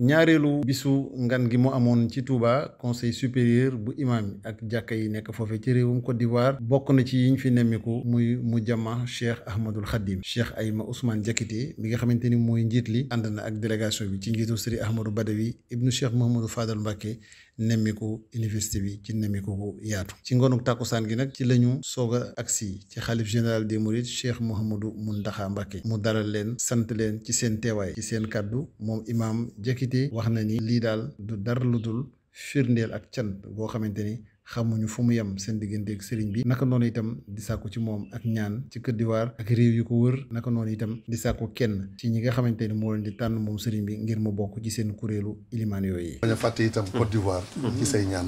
ñaareelu bisu ngan gi mu amoon ci Touba conseil supérieur bu imaam yi ak jàkka yi nekk foofu ci réewum Côte d'Ivoire bokk na ci yiñ fi nemmiku muy mu jama Cheikh Ahmadul Khadim Cheikh Ayma Ousmane Diakité mi nga xamante ni mooy njiit li ànd ak délégation bi ci njiitu Sëriñ Ahmadou Badawi ibnu Cheikh Mouhamadou Fadal Mbacké nemmiku université bi ci nemmiku bu yaatu ci ngoonuk tàkkusaan gi nag ci lañu soog a agsi ci xalif général des mourides Cheikh Mouhamadou Mountakha Mbacké mu dara leen sant leen ci seen teewaay ci seen kàddu moom imaam Diakité profité wax na ni lii daal du dara lu dul firndeel ak cant boo xamante ni xamuñu fu mu yem seen diggante ak sëriñ bi naka noonu itam di sàkku ci moom ak ñaan ci Côte d'Ivoire ak réew yu ko wër naka noonu itam di sàkku kenn ci ñi nga xamante ni moo leen di tànn moom sëriñ bi ngir mu bokk ci seen kuréelu ilimaan yooyu. yi a fàtte itam Côte d'Ivoire. ci say ñaan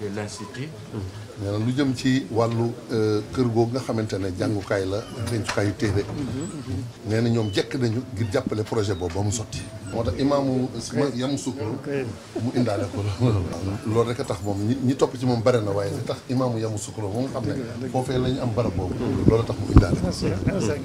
de nee euh, na lu jëm ci wàllu euh, kër googu nga xamante ne jàngukaay la dencukaayu téere mhm. nee na ñoom jekk nañu ngir jàppale projet boobu ba mu sotti. moo tax imaamu yamu sukkur mu indaale ko loolu rek a tax moom ñi topp ci moom bare na waaye li tax imaamu yamu sukkur moom xam ne foofee la ñu am barab boobu loolu tax mu indaale ko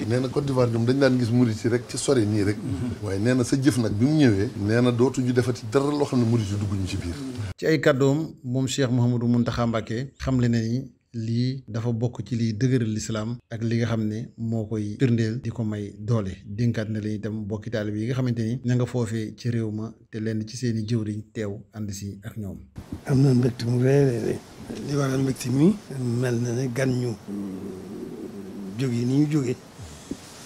nee na Côte d'Ivoire ñoom dañ daan gis murit yi rek ci sori nii rek mhm. waaye nee na sa jëf nag bi mu ñëwee nee na dootuñu ci dara loo xam ne murit yi dugguñu ci biir ci ay kàddoom moom Cheikh Mouhamadou Mountakha Mbacké xam le ne ni lii dafa bokk ci liy dëgëral lislaam ak li nga xam ne moo koy firndeel di ko may doole dénkaat na leen itam bokki taalibe yi nga xamante ni na nga foofee ci réew ma te lenn ci seeni jëwriñ teew ànd si ak na mbégte mu réeréer mi mel na ne gan jóge ni ñu jóge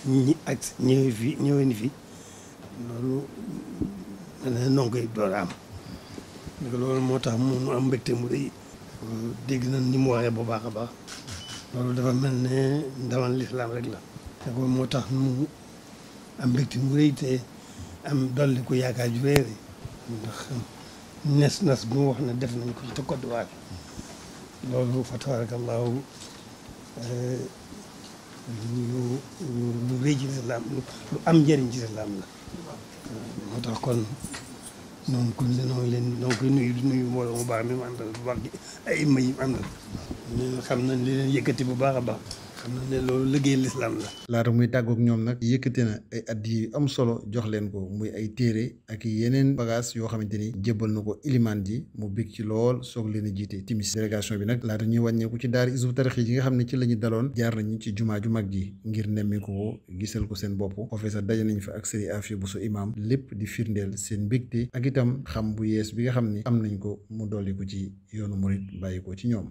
ñëwee fi ñëwee ni fi loolu mel ne noo koy door a loolu moo tax mu am mbégte mu rëy. dégg nañ ni mu waxee bu baax a baax dafa mel ne ndamal lislaam rek la ko moo tax mu am mbégte mu rëy te am dolli ko yaakaar ju réer nas bu wax ne def nañ ko ci te kodduwaat loolu fa tabarakallahu eh, lu lu rëy ci lislaam lu am njëriñ ci lislaam la moo tax kon noonu kon noo ngi leen donc nuyu nuyu mbooloo mu baax mi mu àndal bu baax gi ay ma yi mu àndal ñu xam nañ li leen yëkkati bu baax a baax xam ne loolu liggéey lislaam la. laata muy tàggoog ñoom nag yëkkati na ay at yu am solo jox leen ko muy ay téere ak yeneen bagage yoo xamante ni jébbal na ko ilimaan ji mu bég ci lool soog leen a jiite timis délégation bi nag laata ñuy wàññeeku ci daara Hizbut Tarqiyyah yi nga xam ne ci lañuy daloon jaar nañu ci jumaa ju mag ji ngir nemmi ko gisal ko seen bopp foofee sax daje nañu fa ak sëriñ bu Bousso imaam lépp di firndeel seen mbégte ak itam xam bu yees bi nga xam ne am nañ ko mu dolli ko ci yoonu murit bàyyi ci ñoom